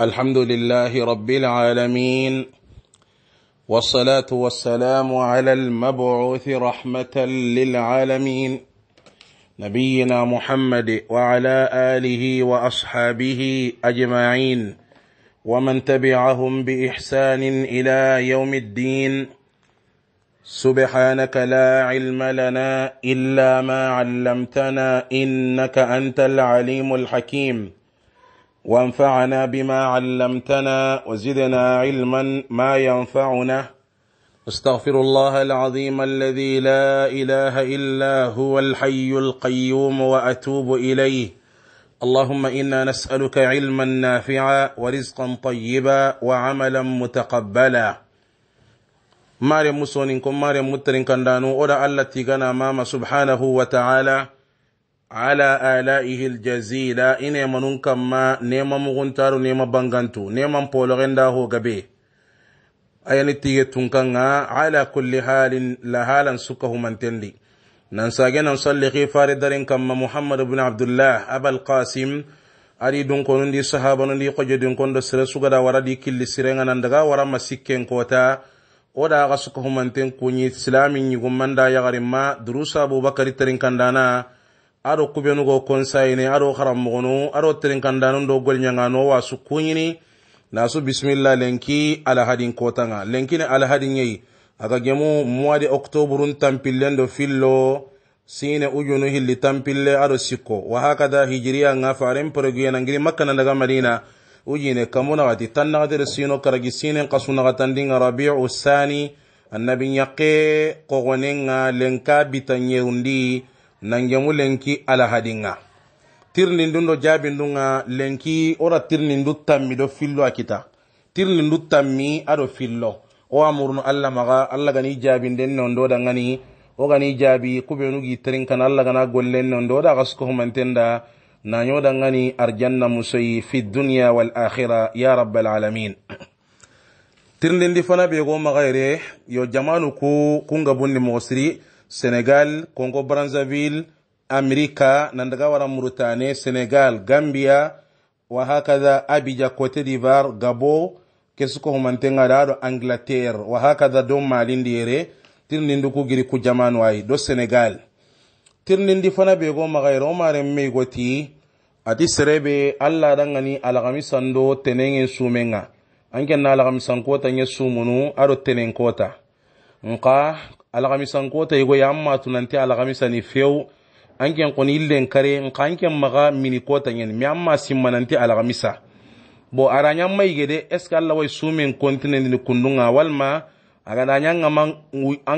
الحمد لله رب العالمين والصلاة والسلام على المبعوث رحمة للعالمين نبينا محمد وعلى آله وأصحابه أجمعين ومن تبعهم بإحسان إلى يوم الدين سبحانك لا علم لنا إلا ما علمتنا إنك أنت العليم الحكيم وانفعنا بما علمتنا وزدنا علما ما ينفعنا استغفر الله العظيم الذي لا اله الا هو الحي القيوم واتوب اليه اللهم انا نسالك علما نافعا ورزقا طيبا وعملا متقبلا ماريم مسونين كم ماريم مترين كندانو اودا التي كان امام سبحانه وتعالى ala alaihi aljazila ine manun kamma nema muguntaru nema bangantu neman polorenda ho gabe ayani tige tunkanga ala kulli halin la halan suka humantendi nan sage nan salli khifare darin kamma muhammad ibn abdullah abal qasim ari dun konundi sahaba nundi qoje dun kondo sere sugada waradi killi sirenga nan daga wara masikken kota wo da aga suka humanten kunyi islami ñigumanda yagarin ma durusa abubakari tarin kandana aɗo kuɓenugo consayini aɗo haranmogonu aɗo terinkandanun do golñagano wasu kuñini nasu bisimilla lenki alahadin kotanga. lenkini alahadin yeyi aga gemu mois de octobre tampillen do fillo sine ujunu hilli tampille ado sikko wa hakada hijiriya ga faren proguyenangiri makka nandaga madina ujine kamunagati tannagatire sino karagi sinen kasunagatandinga rabiu sani annabin yakke kogonenga lenka bita nangemu lenki ala hadinga tirnindun do jabindunga lenki ora tirnindu tammi do fillo akita tirnindu tammi ado fillo o amurunu allah maga allah gani jabinden non do dangani o gani jaabi kuɓenugi terinkan allah gana gollen non do da gaskohumantenda naño dangani arjanna musoyi fi dunia wal akhira ya rabbal alamin tirndindi fana ɓe go maga yo jamanu ku kunga bunni mogo senegal congo brazzaville amerika na ndaga wara mauritanie senegal gambia wa wahakadha abidja cote d'ivoire gabo kesuko humantenga ɗaɗo angleterre wa wahakadha dow mali ndiyere tirnindi ku giri ku jamanu ayi do senegal tirnindi fana be go magayre o maren meygo ati serebe allah dangani alagamisan do tenenge sumenga anke na alagamisan kota nye sumunu aro tenen kota nka alhamisan kota yigo ya amma tunanti alhamisani few anken koni illen kare nka anken maga mini kota ñani mi amma simmananti alhamisa bo arañanma yige de est ce que allah way sumen kontinendini kundunga walma agadaña an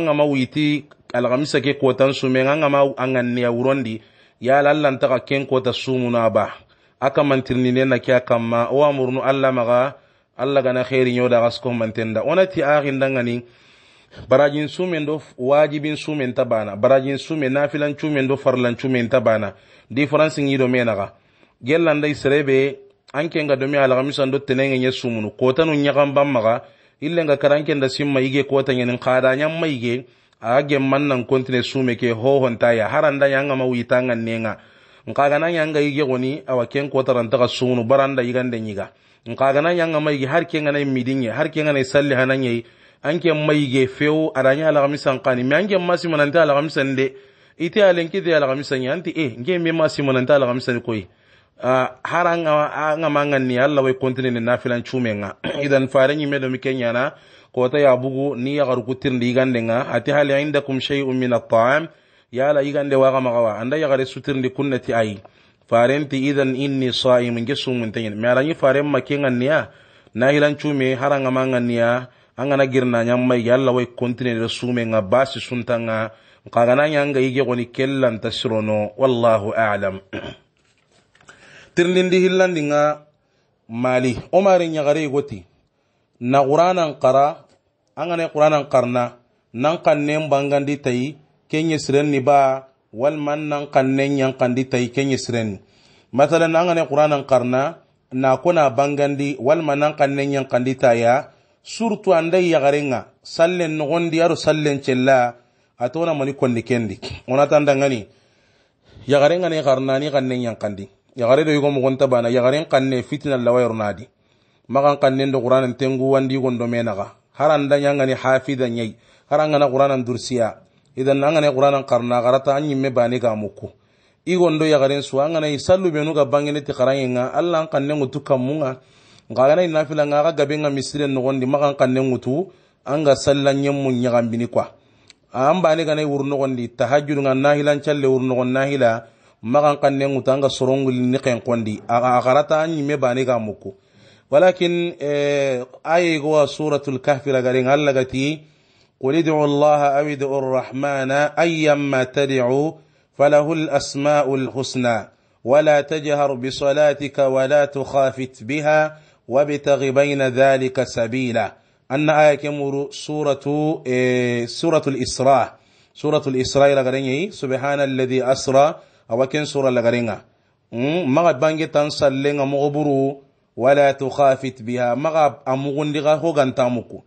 gama wuyiti alhamisa ke kotan sumen an gama an ganneya wurondi yala allantaga ken kota sumuna ba a kamantirnine na ke a o amurunu allah maga allah gana heriñodaga sukohmantenda onati axindangani barajin sumen do wajibin sumen ta bana barajin sumen nafilan cumen do farlan cumen ta bana difference ngi do ga gellan dai serebe anke nga do mi algamisan do tenenge nye sumunu kota nu nyagam bammaga ille nga karanke nda simma ige kota nyenin qada nyam maige age mannan kontine sume ke hohon taya haranda yanga mawitanga nenga nan yanga ige goni ko kota rantaka sumunu baranda igande nyiga nan yanga maige har kenga nay midinye har kenga nay salli hananye anke mayige few aranya alagamisan kani me anke masi mananta alagamisan de ite alenkite alagamisan ya anti eh, e nke me masi mananta alagamisan koy ah, har anga ah, mangani allah way kontine ne nafilan cumenga idan farenyi medo mi kenyana kota ya bugu ni ya garu kutirndi igande nga ati hal indakum shay'un min at-ta'am yala igande waga magawa anda ya gare sutirndi kunnati ay farenti idan inni sa'im ngesumun tanyen me aranyi faren makenga niya na hilan cume haranga mangani ya an gana girna ñammay ge yalla way continue da sume nga basi suntanga kagana ñanga yige goni ta sirono wallahu alam tirlindi hillandi nga mali omari ñagare goti na qur'anan qara an gana qur'anan qarna nan kannen bangandi tayi kenye ni ba man nan kannen yankandi tayi kenye sirenni matalan an gana qur'anan qarna na kuna bangandi man nan kannen ta ya. surtu andai yagarenga sallen nogondi aro sallen chella atona mani kondi kendi Onatanda tanda ngani yagarenga ne garnani kanne yang kandi yagare do yugo bana yagaren kanne fitna lawa yornadi magan kanne ndo qur'an tengu wandi gondo menaga haranda yangani hafida nyai haranga na qur'an dursiya idan nangane qur'an karna garata anyi me bani ga muku igondo yagaren suanga na isallu benuga bangene tikaranga allah kanne ngutukamunga ngalana ina fila ngaga gabe nga misire nogondi makan kanne ngutu anga salla nyemmu nyagambini kwa amba ne gana wuru nogondi tahajjud nga nahilan challe wuru nogon nahila makan kanne ngutu anga sorongu ni ken kondi agarata nyime bane ga muku walakin aye go suratul kahfi la garin alla gati قل ادعوا الله أو ادعوا الرحمن أيما تدعوا فله الأسماء الحسنى ولا تجهر بصلاتك ولا تخافت بها وابتغ بين ذلك سبيلا أن آية كمور سورة إيه، سورة الإسراء سورة الإسراء لغرينه سبحان الذي أسرى أو كن سورة لغرينة ما مغا بانجي تنسلين مغبرو ولا تخافت بها ما قد أمغن لغا هغان تاموكو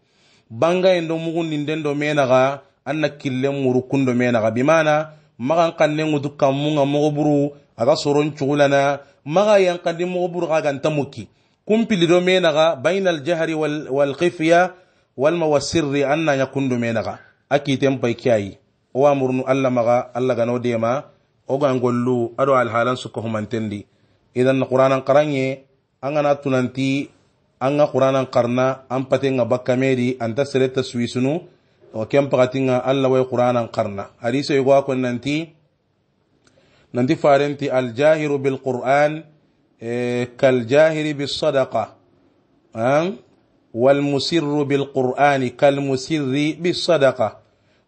بانجا يندو مغن لندن دو مينغا أن كل مورو كن دو مينغا بمعنى مغا نقنن ودكا مغبرو أغا سورون شغلنا مغا ينقدم مغبرو غا تاموكي kumpilido menaga baina aljahri walkifiya walma wasirri an naña kundu menaga a kiten pay ke ayi owa murnu allah maga allah gano dema ogan gollu aɗo alhalan sukka humantendi idan na qur'anan qaranye an gana tunanti an ga qur'anan qarna an paten ga bakkamedi anta sereta suwisunu o ken pagatin ga allah way qur'anan qarna hadisa yigoa kon nanti nanti farenti aljahiru bilqur'an kaljahiri bi sadaka كالجاهر بالصدقة والمسر بالقرآن كالمسر بالصدقة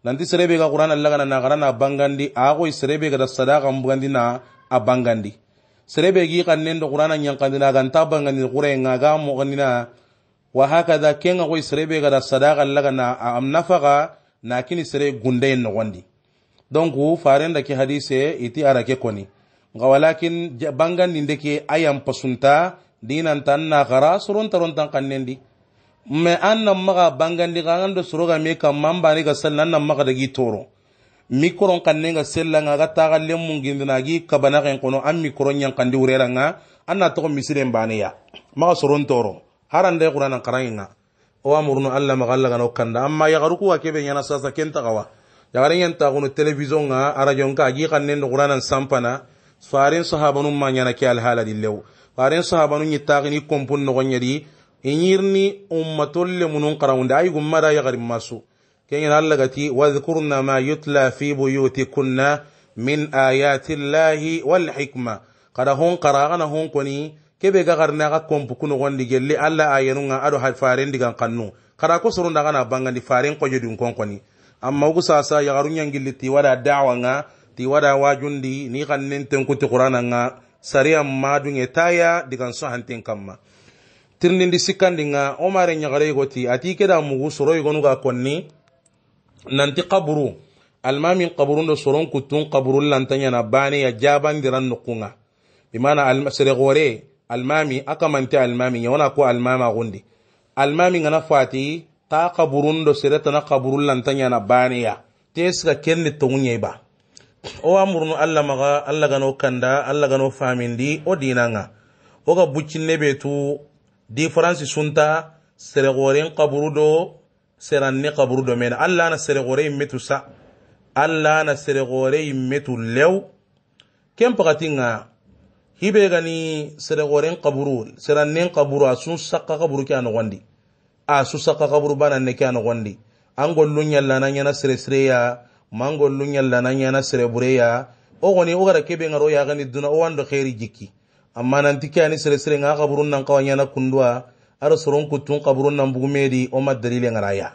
nanti serebe ga qur'an allah kana nagara na bangandi ago serebe ga sadaqa mbugandi na abangandi serebe gi kannen do qur'an an yankandi na ganta bangandi qur'an nga ga mo ganina wa hakada kenga go serebe ga sadaka allah kana am nafaqa na kini sere gunde no gondi donc farenda ki hadise iti arake koni nga walakin bangan ni ndeke ayam pasunta dinan tan na gara suron taron tan kannendi me an maga bangan ni an do suroga me kamma an bani ga sallan nan maga dagi toro mikron kanne ga sallan ga ta nga mun gindina gi kabana kabanaken kono an kan di wurera nga an na togo misiren baneya maga suron sorontoro harande quranan karangi nga o amurnu alla maga allah gano kanda amma ya yagarukuwa kebe yana sasa kenta gawa ya kentagawa yagaren gono television nga arajon ka gi kanne do quranan sampana farin sahabanun ma nyana ke alhala dillew farin sahabanu yittagini kompun nogonyadi inyirni ummatolle munun qarawunde ay ya yagarin masu kenyen allagati wadhkurna ma yutla fi buyutikunna min ayati llahi walhikma kada hon qaragana hon koni kebe ga garna ga kompu kuno gondi gelli alla ayenunga ado ha farin digan kannu kada ko surunda kana bangandi farin ko jodun konkoni amma ugu sasa yagarunya ngilliti wala da'wa nga ti wada wajundi ni kan nin kuti qur'ana nga sariya madunge taya digan so hantin kamma tirnindi sikkandi nga omare ñagarego ti ati keda mugu soroyigonuga konni nanti kaburu almamin kaburundo soron kuttun kaburun na bani ya jabandiran nukunga bimana gore almami akamanti almami yawona ko almama gundi almami ngana fati ta kaburundo seretana kaburun lantañana baneya te siga kenni toguñey ba o wamurunu allah maga allah gano kanda allah gano famindi o dinanga wo ga buccinne be tu différence sunta sereworen kaburu do seranne kaburu do mena allah na sereore yimmetu sa allah na sereore yimmetu lew ken pakatinga hibe gani sereoren kaburu seranen kaburu a sun sakka kaburu ke a nogondi a sun sakka kaburu bananne ke a nogondi an gollu yallana yana seresireya mango lunyal lana nyana sere ya. o goni o gara kebe ngaro ya gani duna o wando khairi jikki amma nan tike ani sere sere nga kaburun nan kawanya na kundwa ar soron tun kaburun nan bugumedi o ma dalile ya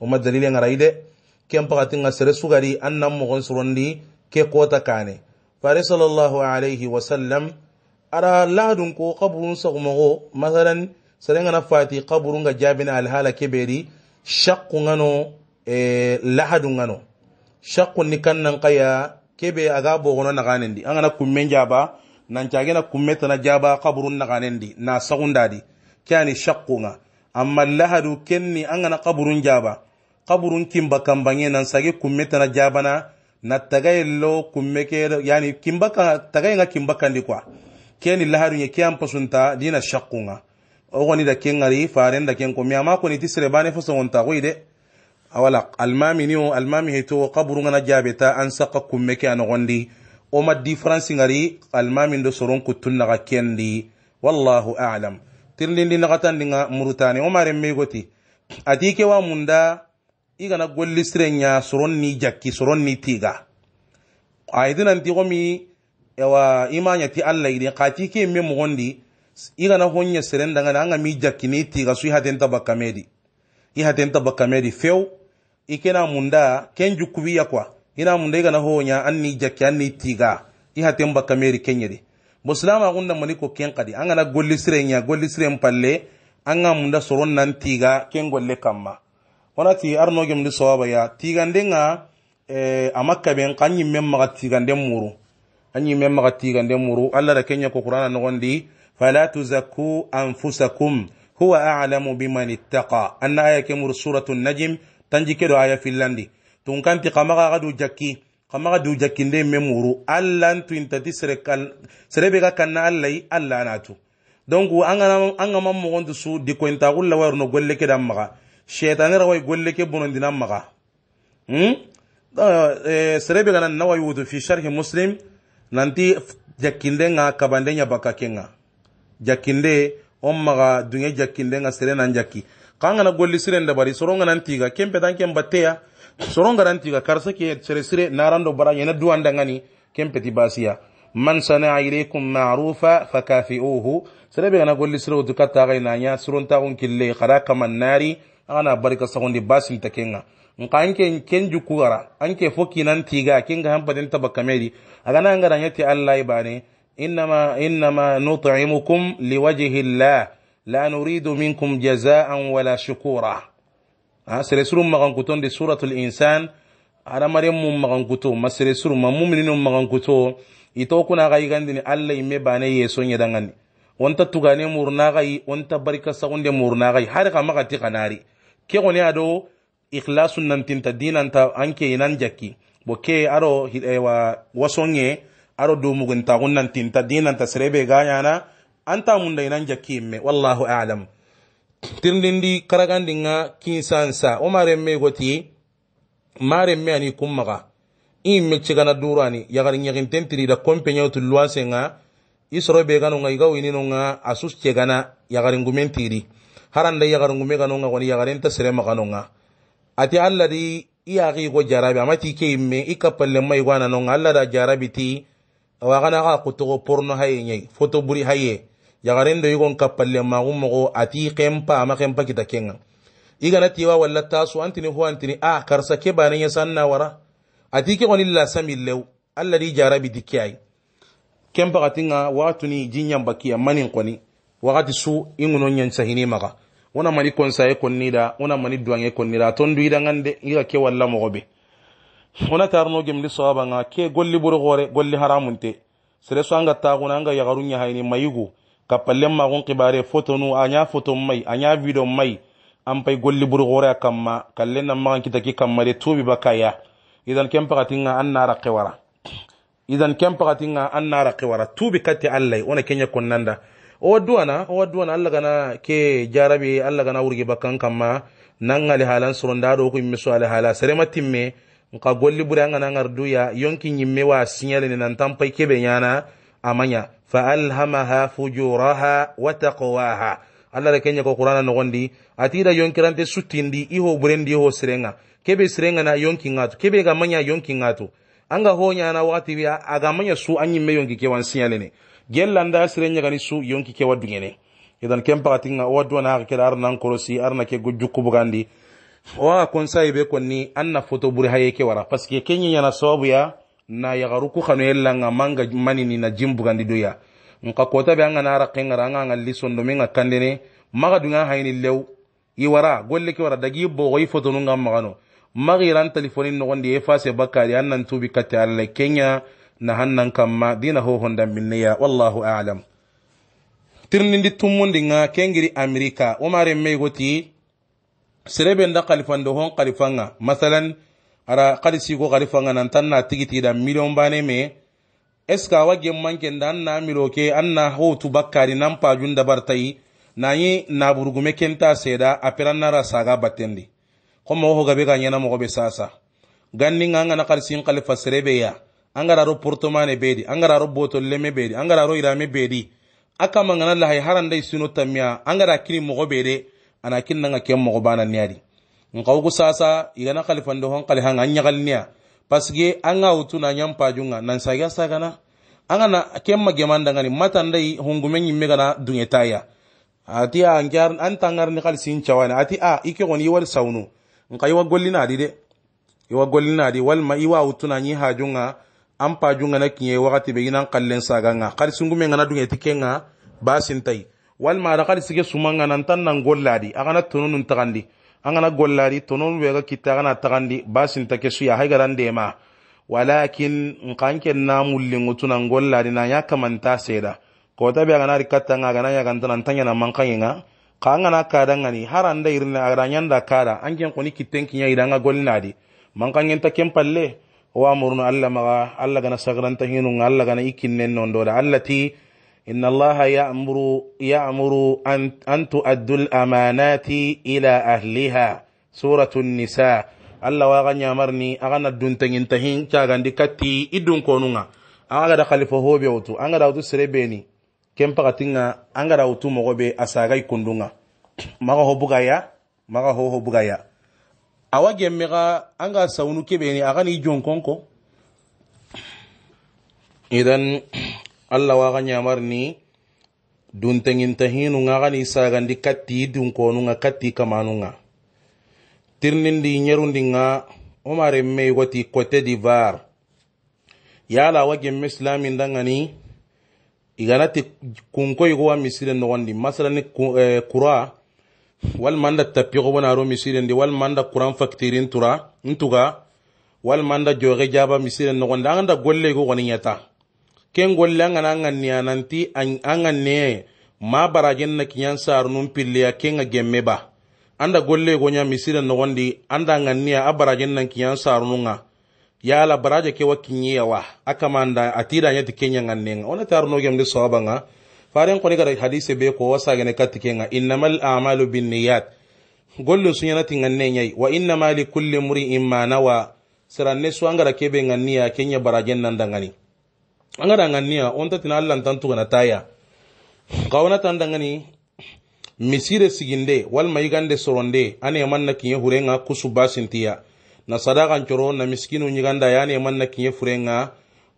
o ma dalile ide kem pakati nga sere sugari an nan mo gon di. ke kota kane fare sallallahu alaihi sallam ara ladun ko kaburun go masalan sere ngana fati kaburun ga jabina alhala kebedi shaqqu ngano eh, lahadu ngano ni kan nan kaya kebe aga di naganendi angana kummen jaba nancagena kumme na jaba kaburun di na sagundadi kyani shakkunga amma lahadu kenni angana kaburun jaba kaburun kimba kambange nan sage kumme na jaba na tagayello kumme ke yani kimbaka tagayenga ndi kwa keni lahadu ye kyan pasunta dina o ogoni da kengari faren da ken ko mi amma ko ni tisre bane ko ide awala almamini o almami heto kaburu ngana jabeta an saka kumme ke a nogondi oma difference ngari almamin do soron kuttun naga kendi wallahu alam tirlindi nagatandinga murutani omaren megoti ati ke wa munda i gana gollisire ɲa soron ni jakki soron ni tiga ayidinanti komi ewa i ma ɲati allah yidi kati ke me mogondi i gana ho ɲa serendangani an ga mi jakki ni tiga su i hatenta bakkamedi i hatenta bakkamedi few ikena munda ken jukubiya kwa ina munda igana honya anni jakki anni tiga ihaten bakka meri kenyeri muslama gunda mani ko ken kadi an gana golli sire nya golli sire palle an ga munda soron nan tiga ken golle kamma wanati arno gem ni sawaba ya tiga ndenga eh, amakka ben kanyi memma ga tiga nden muru anyi memma ga tiga nden muru alla da kenya ko qur'ana no gondi fala tuzakku anfusakum huwa a'lamu biman ittaqa anna ayake mur suratul najm tanji kedo aya fillandi tun kanti kamaga aga du jakki kamaga du jakkinde me muru alla ntu intati sere be ga kanna allayi alla anatu donc an gama mogontu su dikoyintaxulla wayiruno golle ke dan maga shetanera wayi golle ke bonondinan maga hmm? eh, sere be gana nawayi wutu fi sharhi muslim nanti jakkinde nga kabande ɲabaka ke nga jakkinde on maga dunge jakkinde nga sere nan jakki kangana golli siren da bari soronga nan tiga kempe tan kem batteya soronga nan tiga karsa ke sire sire narando bara yena duwan dangani kempe ti basiya man sana ilaykum ma'rufa fakafi'uhu sire be na goli sire wutu katta ga inanya suron ta on kille khara kaman nari ana barka sagondi basim ta kenga nka anke ken jukugara anke foki nan tiga kenga hamba den tabakamedi agana angara nyati allah ibane إنما إنما نطعمكم لوجه الله لا نريد منكم جزاء ولا شكورا سرسر مغنكتون دي سورة الإنسان ada mariyamu magankuto masiresuru ma mumininu magankuto ito kuna ga yigandini allah imme bane yeso yedangani wonta tugane murnagai wonta barika sagunde murnagai har ka magati kanari ke goni ado ikhlasu nantinta dinanta anke inan jakki bo ke aro hidewa wasonye aro dumuguntagun nantinta dinanta serebe ganyana anta munda inan jakimme wallahu alam tirndindi nga kinsansa o omaremme goti maremme ani kummaga imme cigana durani yagar ñagintentirida kompeñawtu luwansenga i sorobe ganonga iga wininonga asus cegana yagaringumen tiri haranda yagaringume ganonga goni yagarenta serema ganonga ati allah di i yagi igo jarabi amati ke imme i kappallenma igo ananonga allah da jarabi ti awagana ga kutogo porno haye ñayi foto buri haye yagarendo yigon kappalle magun mogo ati kempama kempa kita kenga na tiwa walla an antini ho antini a ah, karsa ke bananya sanna wara ati ke goni la samillew alla di jarabi dikke ay kempa katinga ni jinyan bakiya manin koni wakati su inguno nyan sahini maka. wana mani konsaye da wana mani duwange da ton du ngande iga ke walla mogobe wana tarno gemli sawaba nga ke golli buru gore golli haramunte sere so anga taguna anga yagarunya hayni mayigu ma magun kibare foto nu anya foto mai anya video mai an pai golli burgore a kamma kallen nan magan kitaki kamma de tubi bakaya idan kem pagatinga an nara kewara idan kem pagatinga an nara kewara tubi katti allai ona kenya konnanda o duwana o duwana allah gana ke jarabi allah gana wurgi bakkan kamma nan ali halan soronda ɗo ko yimme so ali hala sare matimme nka golli buru an gana ngar duya yonki nyimme wa signalene nan tan kebe nyana amanya fa alhamaha fujuraha wa taqwaha alla da kenya ko qur'ana no gondi atira yonkirante sutindi iho burendi ho sirenga kebe sirenga na yonki ngatu kebe ga manya yonki ngatu anga honya na wati bi aga manya su anyi me yonki ke wan sinyale ne gellanda sirenya gani su yonki ke wadu ngene idan kem pakatinga wadu na ke dar nan korosi arna ke gujukku bugandi wa kon sai konni anna foto buri haye ke wara paske kenya na sababu ya na yagaru ku xano yella nga manga manini na jimbugandi doya nka kotabe anga nara kengara anga nga lisondo menga kandene maga dunga hayni lew i wara golle ke wara dagi bogo i fotonu nga magano maga ran telefoni nogondi e fase bakari an tubi kate kenya na hannan kamma dina ho honda minneya wallahu a'lam tirnindi tumundi nga kengiri amerika wo mare mey goti serebe nda kalifando hon kalifanga masalan ara si ko kadi fanga nan tan na tigiti da miliyon ne me eska wage manke da an na miro ke an na hotu bakkari nan pajun da bartai na yi na burgume kenta seda a piran na rasa ga batendi kuma ho gabe ga yana mo be sasa ganni nga na kadisi kali fasire be ya an gara ro portomane di an gara ro botol leme di an gara ro irame di aka mangana lahay haran dai suno tamiya an gara kini mo de ana kin nga ken mo bana niadi nkaw ku sasa igana kalifando hon kali hanga nyagalniya paske anga utuna nyampajunga nan saga sagana anga na kemma gemanda ngani matandai hungume nyimme kana dungetaya ati a ngar an tangar ni kali sin chawani ati a ike goni wal saunu nka nkai wa gollina adi de iwa gollina adi wal ma iwa utuna nyi hajunga ampajunga na kinye wakati be ginan kallen saga nga kali sungume ngana dungeti kenga basintai wal ma da kali sige sumanga nan tan nan golladi agana tununun tagandi angan goai k aa inna allah ya'amuru an tu adul amanaati ila aliha suratu nisa. allah wa ka nyamari ni aka na duntaɗanta hin cakadi ka idun kɔnuka. an da khalifaho bɛ wutu an da wutu sire bɛni kɛn pakati da wutu mɔgɔ bɛ a sagaye kunduka. makaho buga ya makaho buga ya. awa gyammɛka an ka saulu ke idan. allah waxa ñamarni dunteŋinta hinunga xani sagandi katti dunkonunga katti kamanunga tirnindi ñerundinga oma remme igoti cote divoire yala wa gemme silamindangani iganati kunko igowa misire nogondi masalani kura walma nda tapigo bonaro misirendi wal nda kuran faktirin tura ntuga wal nda joxe jaba misire nogondi anga nda golle igogoni ñata ken golle an gana an ganniya nanti an ne ma barajen na kinyan sarunun pilliya ken ga gemme ba anda golle gonya misira no wandi anda a barajen nan kinyan sarunun ga yala baraje ke wa ya wa aka manda atira nya ti kenya ganne ga ona taruno gemde sawaba ga faren koni ga hadise be ko wasa gane katike ga innamal a'malu binniyat golle sun yana tinganne nyai wa innamal likulli mri'in ma nawa siranne an gara kebe ganniya kenya barajen nan dangani angara ngania onta tina alla ntantu gana taya kawna tandangani misire siginde walma yigande soronde ane manna kinye hurenga kusu basintiya na sadaka ncoro na miskinu yiganda yane manna kinye furenga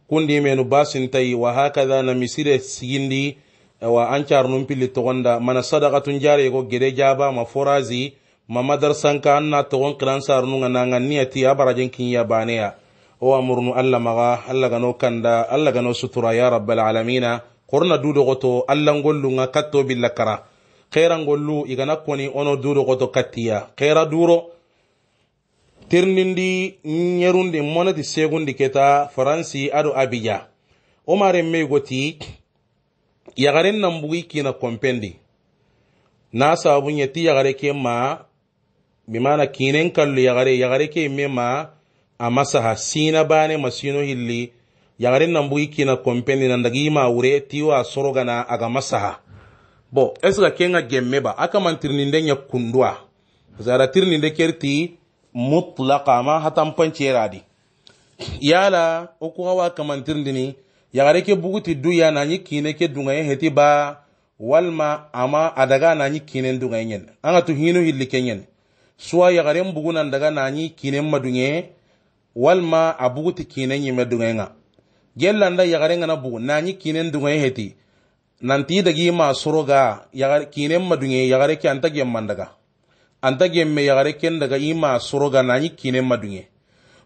kundi menu basintai wa hakadha na misire sigindi wa ancar num togonda mana sadaka tun ko gede jaba ma forazi ma madarsanka anna togon kiran sarnunga nanga niyati abarajen kinya baneya o amurnu allah maga allah gano kanda allah gano sutura ya rabbal alamina allah dudogoto nga katto billakara kara herangollu igana koni ono goto kattiya hera duro tirnindi nyerundi monati segundi keta faransi adu abidja wo maren mei goti yagaren nan bugi kina kompendi na sabun yeti yagare ke ma bimana kinen kallu yagare yagare ke me ma a amasaha sina bane masino hilli yagarin nan bu ikina kompeni nan dagi ma wure tiwa sorogana aga masaha bo esga kenga gemme ba aka mantirni den ya kundwa zara tirni de kerti mutlaqa ma hatan panche radi yala oku hawa kamantirni ni yagare ke buguti duya na nyi kine ke dunga heti ba walma ama adaga na nyi kine dunga yen anga tu hinu hilli kenyen suwa yagare mbugu nan daga na nyi kine madunye walma a buguti kinen yime dungenga gellanda yagarengana bugu nanyi kinen dungen heti nanti dagi ma soroga kinen madunge yagare ke anta gemmandaga anta gemme yagare ken daga suruga na nanyi kinen madunge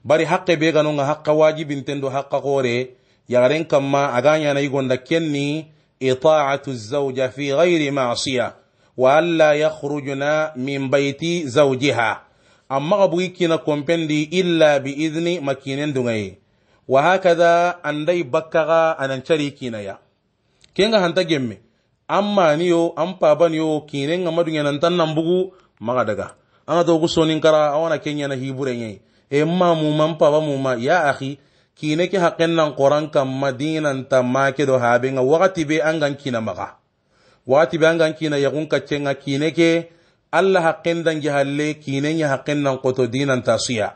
bari haqqe be ganonga haqqa wajibintendo haqqa kore yagaren kamma aganyana igonda kenni itaatu zauja fi ghairi masiya wa alla yakhrujna min baiti zaujiha amma ga bugi kina kompendi illa bi idni makinen dungaye wa hakaza andai bakkaga anan cari kina ya kenga hanta gemme amma niyo an ban yo kinen ga madunya nan tan nan bugu maga daga ana to gusonin kara awana kenya na hiburen nyai e ma mu man ba mu ma ya akhi kine ki haqqin nan quran kam madinan ta ma ke do haben wakati be an gan kina maga wakati be an gan kina ya kun nga kine ke allah kine jahalle kinenya nan qoto dinan tasiya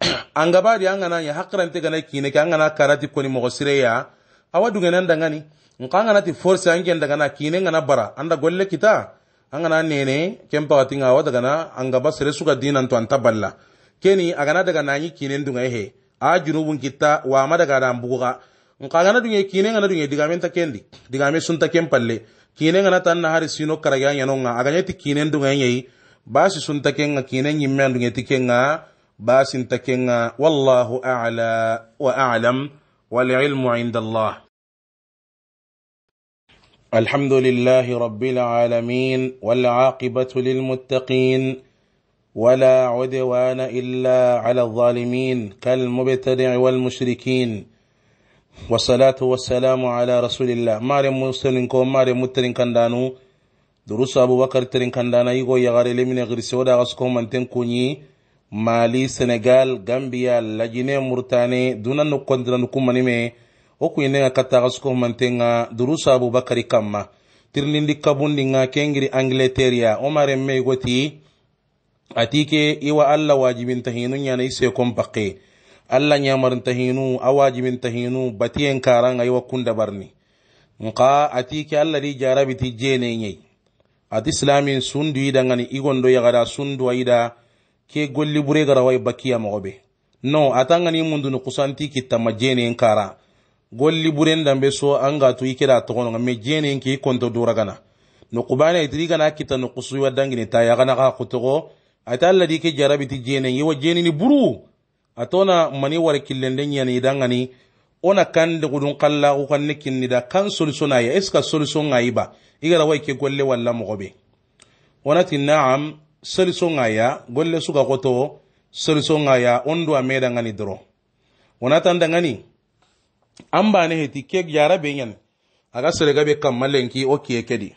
angabadi angana ya haqqrante gana kine ke angana karati koni mogo ya. awa dugenan dangani nka ti force angen dagana kine ngana bara anda golle kita angana nene kempagatinga awa anga ba sere suga dinan tuan taballa. keni agana daga nanyi kine dunga ehe a junubun kita wama daga dan buga nka agana dunge kine ngana dunge digame ta kendi digame sunta le. kine ngana tan na hari sino karaga karagya nyanonga aganya ti kine ndunga yei basi sunta kenga kine nyimme andunga ti kenga basi nta kenga wallahu a'la wa a'lam wal ilmu 'inda Allah الحمد لله رب العالمين والعاقبة للمتقين ولا عدوان إلا على الظالمين كالمبتدع والمشركين wasalatu wasalamu ala rasulillah mare musulin ko mare mutarin kandanu durusu abubakar tarin kandana goya gare lemine girse wada gasu ko manten kunyi mali senegal gambia lajine murtane dunan no kondira no kumani me o kuyene ga kata gasu ko mantenga durusu abubakar kamma tirnindi kabundi nga kengiri angleteria o mare me goti atike iwa allah wajibin tahinu nyana ise kompaqe allah ñamarin tahinu awajimin tahinu batiyen karan ayi da barni nka ati ke allah jarabi jarabiti jene ñayi ati silamin sundu da ngani igondo yagada sundu da ke golli bure gara wai bakiya magobe no ta ngani mundunu kusanti kittama jene kara golli bure dambe so an gatu ikira togono nga me jene ke dura gana no kubana itiri gana kita no kusuwa dangini ta gana ka kutogo ata allah ri ke jarabiti jene yiwa jene ni buru atona mani war killenden yani dangani ona kan de gudun kalla ko kan nikin da kan solsona ya iska solson ayi ba igara wai ke golle walla mo gobe ona tin na'am solson aya golle suka koto solson aya ondo a meda ngani dro ona tan dangani an ba ne heti ke yara benyan aga sere gabe kan malenki o ke kedi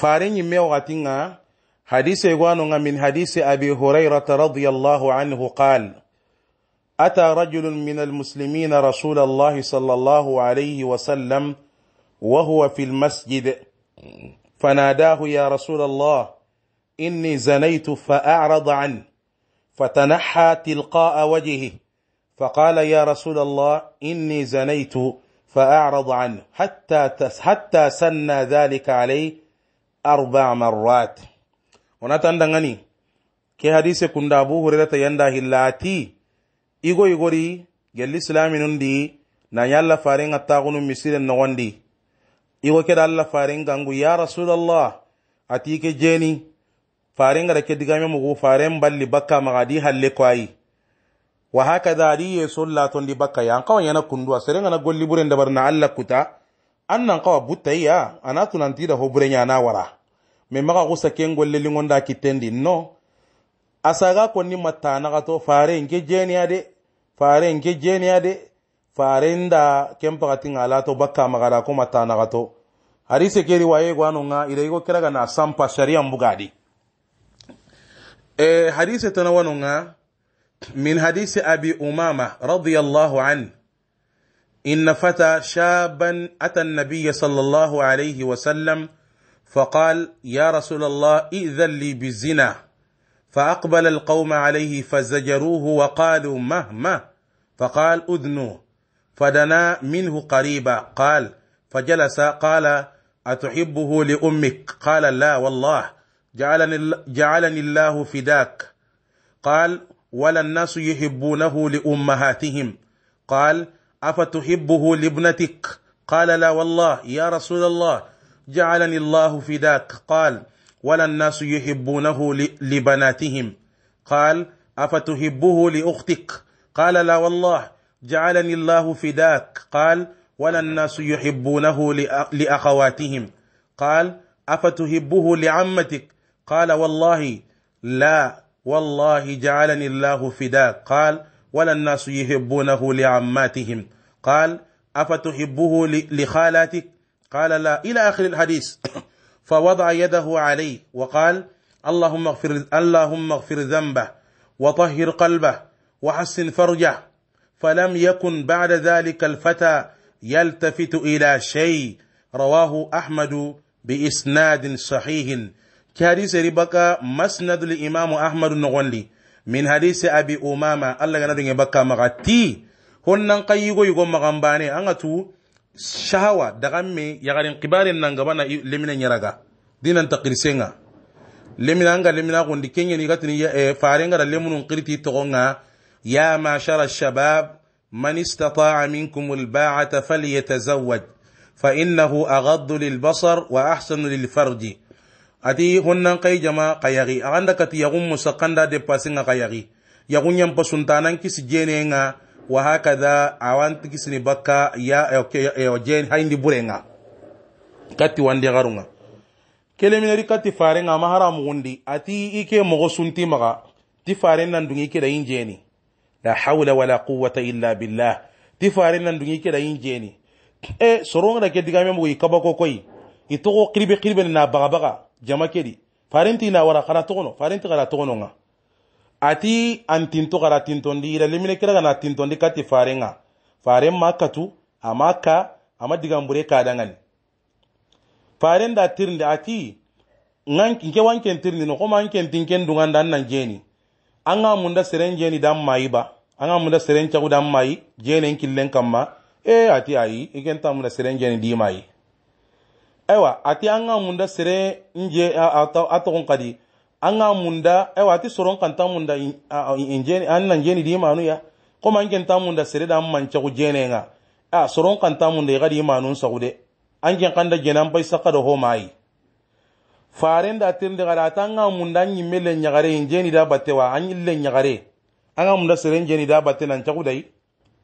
farin yin me wakatin hadisi gwanu min hadisi abi hurairah radiyallahu anhu qala أتى رجل من المسلمين رسول الله صلى الله عليه وسلم وهو في المسجد فناداه يا رسول الله إني زنيت فأعرض عنه فتنحى تلقاء وجهه فقال يا رسول الله إني زنيت فأعرض عنه حتى حتى سنى ذلك عليه أربع مرات ونتندغني كي حديث كندابو هريرة ينده اللاتي igo igori gelli nundi na yalla farin attagunu misiren wandi igo keda alla farin gangu ya rasulallah ati ke jeni farin gara ke digame mugu farin balli bakka magadi halle kwayi wa hakada adi ye laton bakka ya kawa yana kunduwa serenga na golli buren da na alla kuta annan kawa butayya anatu nanti da hoburenya na wara me maga kusa ken golle lingonda kitendi no asaga matana mattanakato fare nke jeniya de fare nke jeniya de farenda kempakati ngalato baka magara ko mattanakato harise keri riwaye gwano nga ida igo kiraga na sampa sharia mbugadi eh, harise tana wano nga من حديث أبي أمامة رضي الله عنه إن فتى شابا أتى النبي صلى الله عليه وسلم فقال يا رسول الله إذن لي بالزنا فأقبل القوم عليه فزجروه وقالوا مه مه فقال أذنوه فدنا منه قريبا قال فجلس قال أتحبه لأمك قال لا والله جعلني, جعلني الله فداك قال ولا الناس يحبونه لأمهاتهم قال أفتحبه لابنتك قال لا والله يا رسول الله جعلني الله فداك قال ولا الناس يحبونه لبناتهم قال افتحبه لاختك قال لا والله جعلني الله فداك قال ولا الناس يحبونه لاخواتهم قال افتحبه لعمتك قال والله لا والله جعلني الله فداك قال ولا الناس يحبونه لعماتهم قال افتحبه لخالاتك قال لا الى اخر الحديث فوضع يده عليه وقال اللهم اغفر اللهم اغفر ذنبه وطهر قلبه وحسن فرجه فلم يكن بعد ذلك الفتى يلتفت الى شيء رواه احمد باسناد صحيح كحديث ربك مسند الامام احمد نغولي من حديث ابي امامه الله غنا دنگه مغتي هن قيغو يغو مغامباني shahawa dagan me yagarin kibarin nan gaba na lemina nyaraga dinan ta kirsenga lemina anga lemina gondi kenya ni gatini ya farenga da lemunun qirti togonga ya mashara shabab man istata'a minkum alba'ata falyatazawwaj fa innahu aghaddu lilbasar wa ahsanu lilfarji ati honnan kai jama kayagi aganda kati yagum musakanda de pasinga kayagi yagunyam pasuntanan kisi jenenga wa hakadha awanti kisini baka ya jen haindi burenga kati wande garunga keleminari kati farenga ama hara mugundi ati ike mogo sunti maga ti faren nan dungi keda yin jeni la hawla wala quwwata illa billah ti faren nan dungi keda yin jeni e soronga da ke digame mugo ikabako koi itogo qirbe qirbe na baga baga jama kedi farenti na wara qara togono farenti qara togono nga ati antinto gara tintondi iralemine kiraga na tintondi kati farenga faren ma katu ama ka ama digambure kadangani faren da tirndi ati nke wanken tirndi no koma nken tinken dunganda nan jeni anga munda seren jeni dan mai ba anga munda seren chagu dan mai jeni nkillen kamma e ati ai igen ta munda seren jeni di mai aiwa ati anga munda sere nje atokon kadi ato an ga munda ai eh, wati soron kan ta munda injeni an nan jeni di manu ya ko man gen ta munda sere da man cha ku jene nga a soron kan ta munda ga di manu sa de an gen kan da genan bai saka da ho mai faren da tin daga da ta ga munda nyi mele nyagare injeni da batewa an yille nyagare an ga munda sere injeni da batte nan cha ku dai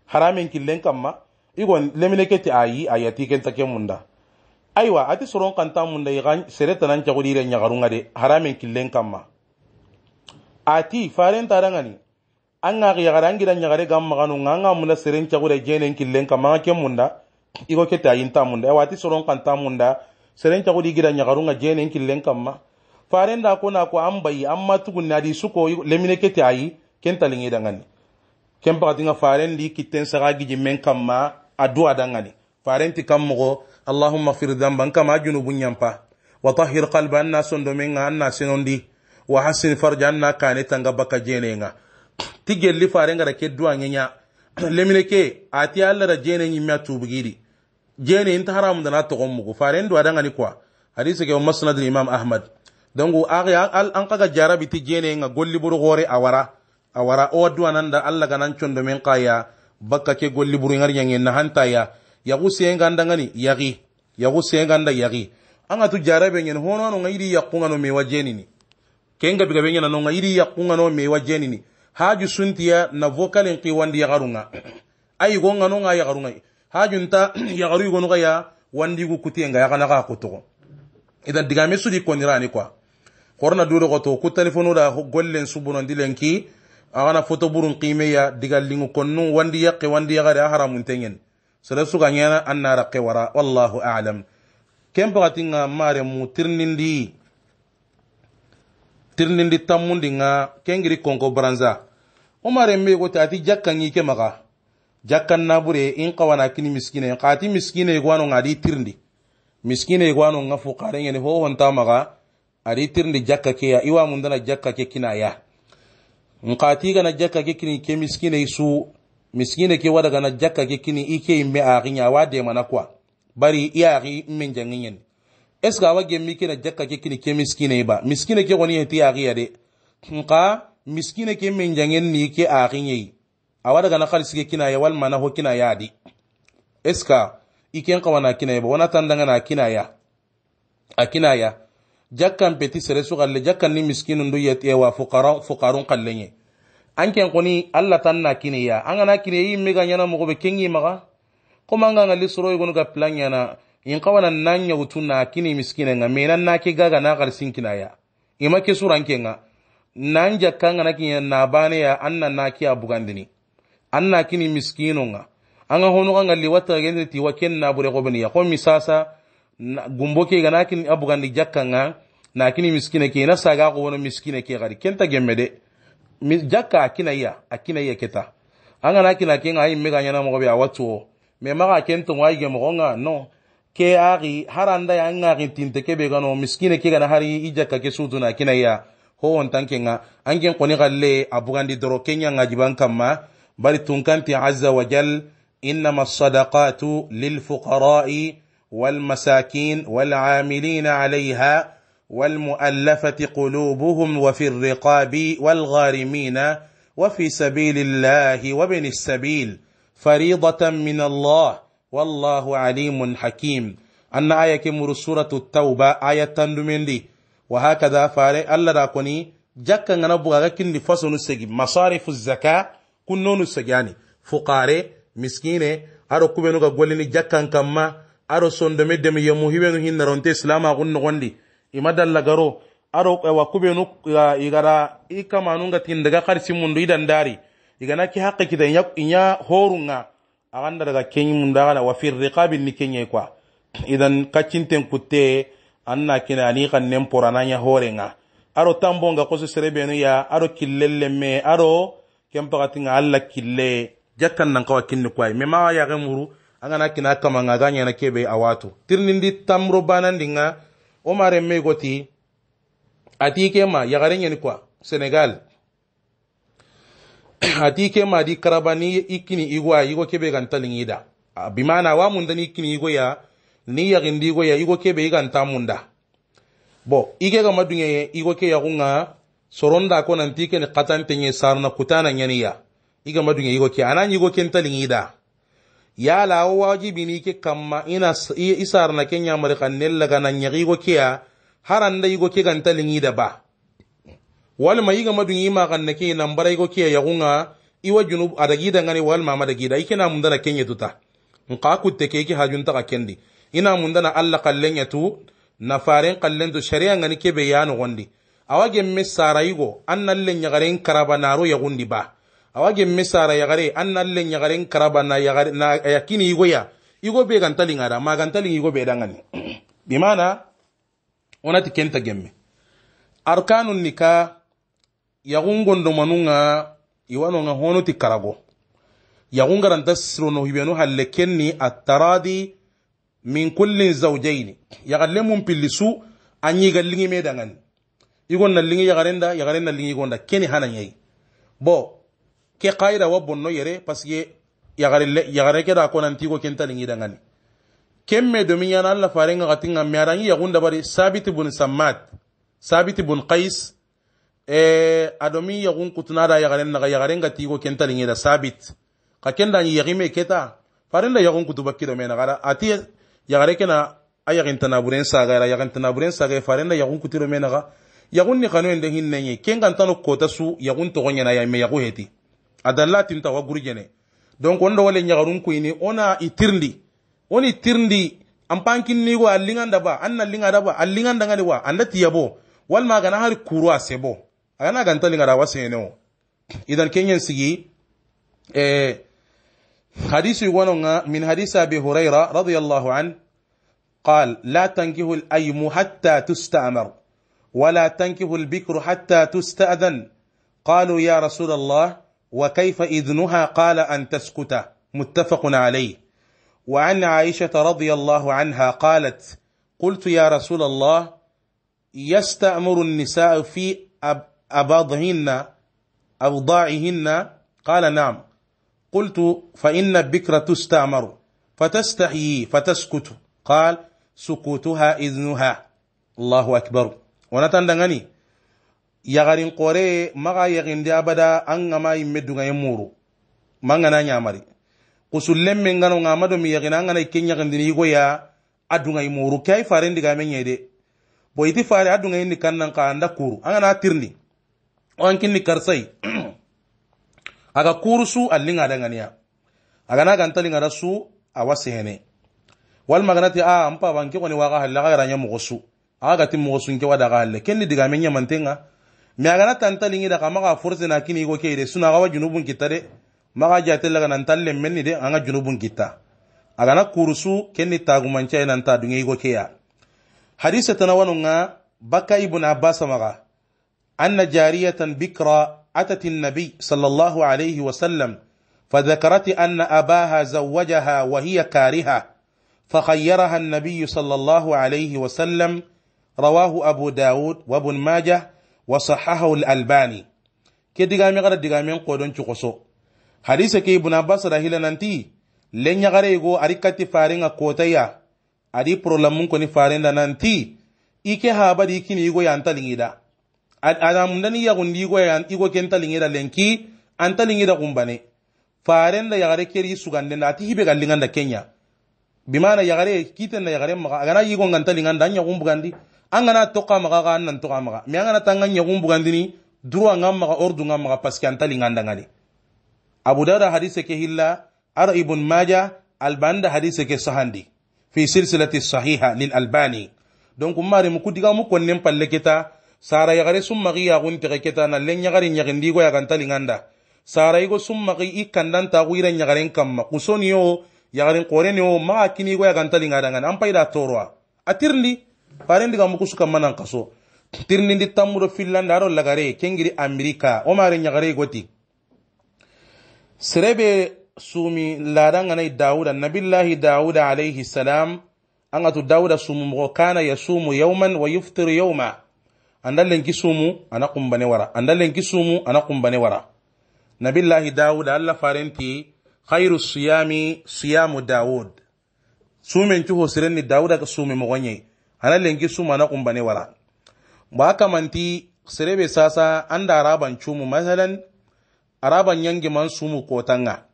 haramin killen ma igon lemine ke ti ayi ayati ken ta ke munda aywa ati soron kanta mun dai gan sere tanan jagori re nyagarunga de haramin killen kamma ati faren tarangani an ga ya garan gidan nyagare gam maganu nganga muna seren jagore jenen killen kamma ke munda igo ke tayin ta munda aywa ati soron kanta munda seren jagori gidan nyagarunga jenen killen kamma faren da ko na ko an bayi amma tugun na di suko lemine ke tayi ken talingi dangani ken pakatinga faren di kitten saga gijin men kamma addu'a dangani faren ti kam allahumma fir damban kama junubun yampa wa tahhir qalba anna an anna senondi wa hassin farja na kane tanga baka jenenga ti gelli farengara ke duwangenya lemine ke ati allah ra jene ñimmea tubugidi jene inta haramudana togon mugu faren du adangani quoi hadise ke o masnad imam ahmad donc an kaga jarabi ti jenenga golli buru gore awara awara o duwananda allah ganan condo men kaya bakka ke golli buru ngar ñangen na hantaya yagu senga ndangani yagi yagu senga yagi anga tu jarabe ngene hono no ngiri yakunga no mewa jenini kenga biga nonga no ngiri mewa haju suntia na vocal en kiwandi ya garunga ai go ngano nga ya haju nta ya garu go wandi gu kutenga ya ka kutugo idan diga mesu di konirani kwa korna duro go to ku telefono da gollen subuno dilenki agana foto burun qime ya lingu konnu wandi ya wandi haramun tengen sere suga ñana an nara kewara wallahu alam ken nga mare mu tirnindi tirnindi tammundinga kengiri konko branza mare mbe ko tati yi ke maka jakkan bure in kawana kini miskine qati miskine gwano ngadi tirndi miskine gwanu nga fuqare ngene ho honta maga ari tirndi jakka ke ya iwa mundana jakka ke kinaya nkati kana jakka ke kini ke miskine su miskine ke wada gana jakka ke kini ike imme arin ya wade mana kwa bari iya ari min jangin yin eska wage mi kina jakka ke kini ke miskine ba miskine ke wani hati ari yade nka miskine ke min jangin ni ke arin yi a wada gana khalis ke kina ya wal mana ho kina ya di eska ike nka wana kina ba wana tandanga na kina ya a kina ya jakkan peti sere su galle jakkan ni miskinun du yete wa fuqara fuqarun kallenye anken koni allah tan na kine ya an na kine yi me ga nyana be kingi maga kuma an gana lisoro gonu ga plan yana in kawana nan ya wutu na kine miskine nga menan na ke gaga na sin kina ya ima ke sura anke nga nan jakka ngana kinya na bane ya anna na kiya bugandini anna kini miskino nga anga honu anga wata gende ti waken na bure gobani ya ko misasa gumboke ga nakin abugandi jakka nga na kini miskine ke na saga ko wono miskine ke gari kenta gemede jakka akina ya akina ya keta anga na kina ke ŋa mega nyana ka ɲana mɔgɔ be a wa tuwo maga ken tongo a yige mɔgɔ ŋa non ke ari haranda ya ye an tinte ke be gano miskine ke gana hari i jakka ke sudu na akina ya ho on ke ŋa an ken koni galle abugandi doro kenya nga ŋajiban kanma bari tunkanti azza wa jal إنما الصدقات للفقراء والمساكين والعاملين عليها والمؤلفه قلوبهم وفي الرقاب والغارمين وفي سبيل الله وابن السبيل فريضه من الله والله عليم حكيم ان ايه كمر سوره التوبه ايه تندمندي وهكذا فاري الله راكوني جكا نبغى لكن لفصل سجي مصارف الزكاه كنون سجاني فقاره مسكينه أرو kubenu ga جكا jakkan أرو aro دمي demi yemu نرونتي سلاما islama gun imadalla garo aro wa kubenu igara ikamanunga tindaga karsi mundu dari igana ki haqqi kidan inya horunga aganda daga kenyi gana wa fir riqabi ni kenye kwa idan kacinten kutte anna kina ani kan nem nya horenga aro tambonga serebe nu ya aro killelle me aro kempagatinga alla kille jakkan nan kawa kinni kwai mema ya gemuru angana kina kamanga ganya na kebe awatu tirnindi tamro banandinga wo ma remme goti ati kema yagare ñeni quoi sénégal ati kema adi karabani ikini igwa igo kebe gantalingi da ah, bimana wa mundani ikini igo ya ni yagindi igo ya igo kebe iganta munda bo ike gama dungeye igo ke yagunga soronda ko nanti kene katante nye sarna kutana ñani ya igama dunge igo ke ana ñigo kentalingi da yala wajibi ni ke kamma ina isar na kenya mar laga nan yagi go kiya haran dai go ke ganta lingi da ba wal mai ga madun yi ma kan nake nan barai go ya yagunga iwa junub adagi da ngani wal madagi da gida ikina mun na kenya tuta in ku te ke ki hajun ta kendi ina mun na alla kallen ya tu na farin kallen tu shari'a ngani ke bayanu gondi awage mes an annan len yagaren karaba naro yagundi ba awa gemme yagare an nallen karaba na yagare na yakini igoya igo be gan talin ma gan igo be dangani bi mana onati kenta gemme arkanun nika yagun gondo manunga iwano nga hono ti karago yagun garanta sirono hibenu halle kenni attaradi min kullin zawjaini yagalle mun anyi gallingi me igon na yagarenda yagarenda lingi gonda keni hanan bo ke qaida wa bonno yere parce que yagare yagare ke da konan tigo kenta ni dangani kemme domin yana Allah fare nga gatinga miaran yi yagunda bari sabit bun sammat sabit bun qais e adomi yagun kutuna da yagare na yagare nga tigo kenta ni da sabit ka kenda ni yagime keta fare la yagun kutu kutuba kido mena gara ati yagare kena ayakin tanaburen saga yara yakin tanaburen saga fare la yagun kutu do mena ga yagun ni kanu ende hinne ni kenga tano kota su yagun to gonya na ya me yagu heti tinta wa gurjene donc on ɗo wale ñagarun kuyni ona i tirndi woni tirndi an pankinnigo a liŋanda ba an na liŋada ba a wa anda tiya wal walma agana hari kuru asebo ana bo agana ganta wa sene idan keñen sigi eh, حديث يقولون من حديث أبي هريرة رضي الله عنه قال لا تنكه الأيم حتى تستأمر ولا تنكه البكر حتى تستأذن قالوا يا رسول الله وكيف إذنها قال أن تسكت متفق عليه وعن عائشة رضي الله عنها قالت قلت يا رسول الله يستأمر النساء في أباضهن أوضاعهن قال نعم قلت فإن البكر تستأمر فتستحيي فتسكت قال سكوتها إذنها الله أكبر ونتندغني yagarin kore maga di abada an gama yimme dungaye muru mangana nyamari kusulem mengano nga ngama do mi yagin an gana ken yagindini yigo ya a dungaye muru kai farin diga men yede bo iti fare a dungaye ni kannan ka anda kuru an gana tirni o an kinni karsai aga kuru su allinga danganiya aga na ganta linga su a wasene wal maganati a ah, ampa banki ni waga halaga ga ranya mugosu aga tim mugosun nke wada ga halle kenni diga men nyamantenga mi agana tantalingi da kamaga force na kini go kede suna gawa junubun kita de maga jatella ga nan talle menni de anga junubun kita agana kurusu kenni tagumanca nan ta dungi go keya hadisa tanawanunga baka ibn abbas maga anna jariyatan bikra atat النبي صلى الله عليه وسلم فذكرت أن أباها زوجها وهي كارهة فخيرها النبي صلى الله عليه وسلم رواه أبو داود وابن ماجه وصححه الألباني كدغامي غدا دغامي قودون تشوكوسو حديث كي ابن عباس راهيلا ننتي لن يغري غو أريكاتي فارين كوتايا أدي برولمون كوني فارين ننتي إيكي هابا دي كيني يغو يانتالينيدا adamundani yagundi igo igo kentalingeda lenki antalingeda kumbane farenda yagare keri sugandenda ati hibe gallinganda kenya bimana yagare kitenda yagare maga agana yigo ngantalinganda anya kumbugandi angana toka maga ka nan toka maga mi angana tanga nyagum bugandini duru ngam maga ordu ngam maga paske ngali abu Dara hadise ke hilla ar ibn maja albanda da hadise ke sahandi fi silsilati sahiha lil albani donc mari mu kudiga mu konnen palle keta sara yagare ya yagun tege keta na len yagari ya yagantali ŋanda sara igo summagi i kandantagu ira yagaren kamma ya yo yagarin ma yo ya kinigo yagantali ŋadangani an payida torwa atirndi farin diga muku suka manan kaso ndi tamuro finland aro lagare kengiri amerika wo mare ñagare goti serebe sumi ladanganai dauda nabillahi dauda alayhi salam anga tu dauda sumu mo kana yasumu yawman wa yuftir yawma andalen kisumu sumu ana kumbane wara andalen kisumu sumu ana kumbane wara nabillahi dauda alla farenti khairu siyami siyamu daud sumen cuho sirenni dauda ka sumi mo ñei hana lengi suma na kumbane wala ba manti sirebe sasa an da araban cumu masalan araban yangi man sumu kotanga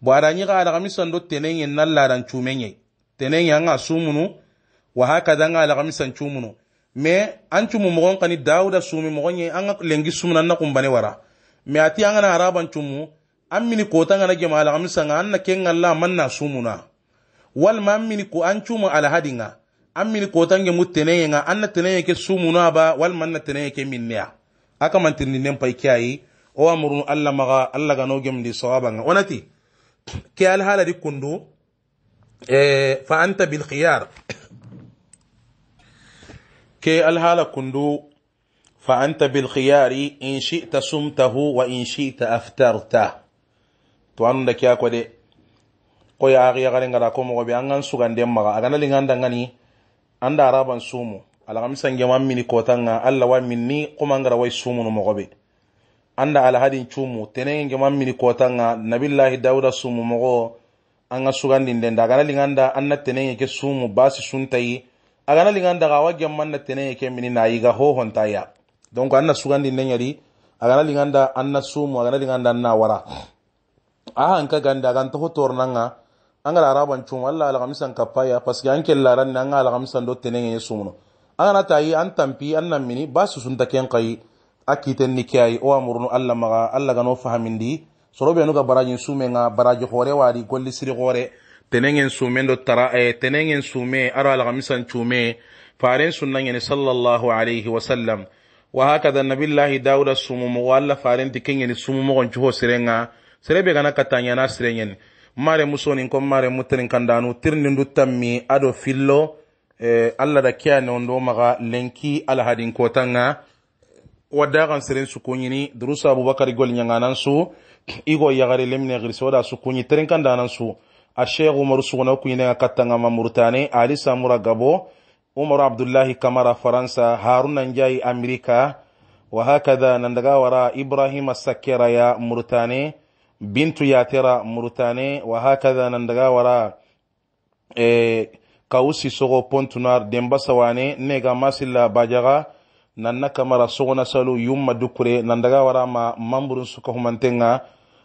bo aranyi ga daga misan do tenen yin nan laran cumenye tenen yanga munu wa haka danga daga misan cumunu me an cumu mogon kani dauda mu mogon ye an lengi sumuna na kumbane wara me ati an na araban cumu an mini kotanga na gema daga misan an na kenga la man na sumuna wal ma an mini ko an cumu alhadinga an mini kotan ya mu tenen ya an na tenen ya ke sumu na ba walma na tene ya ke min aka man tirni nen pai o amurun Allah maga Allah ga nogem di sawaba nga onati ke al hala di kundu e, fa anta bil khiyar ke al hala kundu fa anta bil khiyari in shi'ta sumtahu wa in shi'ta aftarta to an da kiya ko de ko ya ga ga ngara ko mo be an an sugan dem maga aga na nganda ngani. an araban sumu alhamisan geman mini kotan allah wa minni kuma ngara wai sumu no mogobe an da alhadin cumu nabillahi dauda sumu mogo anga ga sugandin den daga nalin an da ke na tenen sumu ba su suntayi a ga nalin an ga wajen man na tenen ke mini naiga yi ga hohon taya don ko a sumu a ga na wara a ganda ga ta an gara araban cun Allah alhamisan kapaya paske an kella ran nan alhamisan do tenen ye sumuno an na tayi an tampi an nan mini ba su sun taken kai akiten ni kai o amurnu Allah maga Allah gano fahamindi sorobe no ga baraji sume nga baraji hore wari golli siri hore tenen sume do tara e tenen en sume aro alhamisan cume faren sunna ne sallallahu alaihi wa sallam wa hakada nabillahi dawuda sumumu walla faren tiken ne sumumu gon cuho sirenga serebe gana katanya na sirenyen mare musonin kon mare muttenin kandanu tirni duttanmi ado fillo eh, allah da kiya ne ɗo maga lenki alahadin kotanga wadda kan sirin su ni durusa abubakar gol nyanganan su igo yagare lemne girse soda su kunyi tirin kan danan su a sheikh umaru su na kunyi na katanga ma murtane ali samura gabo umaru abdullahi kamara faransa haruna njai amerika wa hakada nan daga wara ibrahim sakera ya murtane bintu yatera murutane wahakadha nandaga wara e, kawusi sogo pontunar demba sawane nega masilla bajaga nanna kamara sogona salu yumma dukure nandaga wara ma mamburun suka humantenga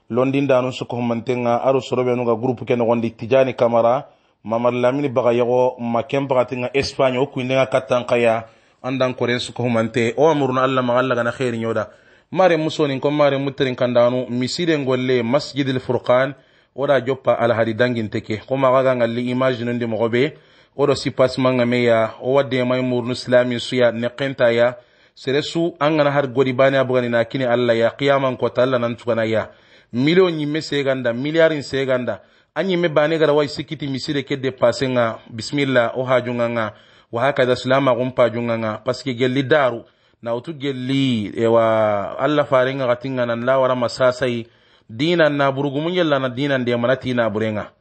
londindanun suka humantenga aru sorobenuga groupe ke nogondi tijani kamara mamar lamini bagayago ma ken bagatinga espagne wo kuindenga kattan kaya andan koren suka humante o amuruna allah maga gana heri yoda mare musonin ko mare mutterin kandanu misire golle masjidil furqan oɗa joppa alahadi danginte ke ko maxaga ngalli image nundi moxo ɓe oɗo sipasmanga meya o waddemay murnu silami suya neqenta ya sere su har godi bane a buganina kini allah ya qiyaman kota allah nan cugana ya million ñimme seganda milliardin seganda a ñimme bane gara way sikkiti misire ke dépasse nga bisimilla o hajunga wa hakada silama xum pajunga nga gelli daru na utu gelli ewa alla farenga katinga nan la wara masasai dinan na burugumun yalla na dinan de manati na burenga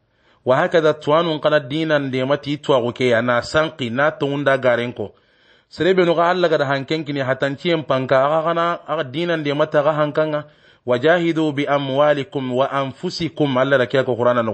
wa da tuwanun kana dinan de mati tuwa kuke ya na sanki na tunda garen ko serebe no alla ga hanken kini hatanciyen panka aga kana aga dinan de mata ga hankanga wajahidu bi amwalikum wa anfusikum alla da kiyako qur'ana no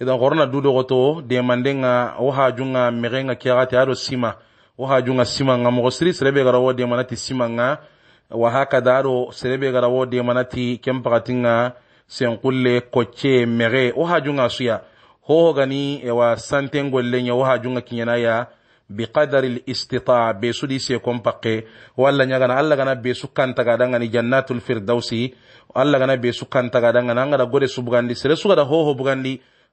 idan qur'ana dudo goto de mandenga o hajunga megenga kiyati ado sima wo ha junga simanga mogo siri serebe gara wo demanati simanga wa hakada serebe gara wo demanati kempagatinga senkulle kocce mexe wo ha junga suya ewa santen gollenya wo ha junga kiñanaya biqadari listitaa besu di sekon pakke walla ñagana allah gana besu kantagadangani jannatul firdausi allah gana besu kantagadangani an gada gode subugandi sere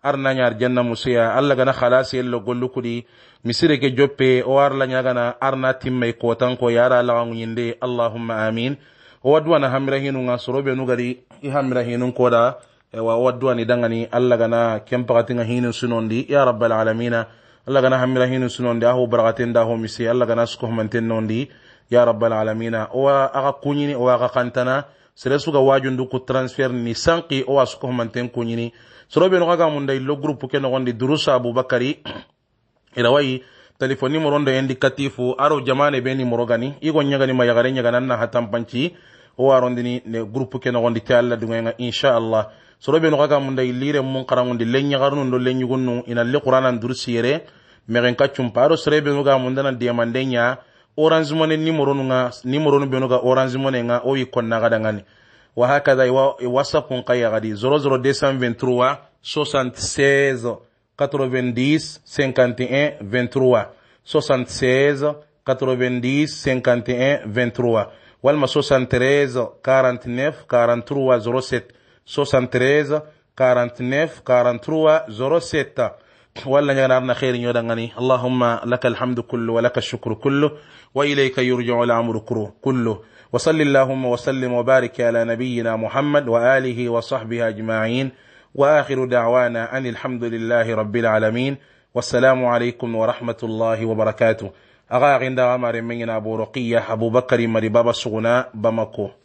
ar na ñar janna musiya alla gana khalasi lo gollu kudi misire ke joppe o ar la ñagana ar timmay ko tan ko yara la nginde allahumma amin o wadwana hamira hinu nga sorobe nu gari i hamira ko da wa wadwani dangani alla gana kempakati nga hinu sunondi ya rabbal alamina alla gana hamira sunondi aho barakatin da ho misi alla gana suko manten nondi ya rabbal alamina o aga kunyini o aga kantana sere suga wajundu ku transfer ni sanki o asuko manten kunyini soroɓe noxa ga munda illo groupe ke noxondi durusa aboubacary irawayi téléphone numéro ndo indicatif aro jamane be numéro gani igo ñaganima yagare ñaganan na hatampanci o warondini ne groupe ke noxondi te allah dungenga inchallah soroɓe noxa ga munda illire mun xarangundi lenñaxarunu ndo lenñugunnu ina quranan durusi yere mexen kaccumpa aro sereɓe nuga mundana demande ña orange mone numéro nuga numéro nu ɓenuga orange mone nga o wi konnaxadangani وهكذا يوصف قيا غادي 00223 76 90 51 23 76 90 51 23 والما 73 49 43 07 73 49 43 07 ولا نارنا خير يودغني اللهم لك الحمد كله ولك الشكر كله وإليك يرجع الأمر كله وصل اللهم وسلم وبارك على نبينا محمد واله وصحبه اجمعين واخر دعوانا ان الحمد لله رب العالمين والسلام عليكم ورحمه الله وبركاته اغا دعوانا من ابو رقيه ابو بكر مري بابا سغنا بمكو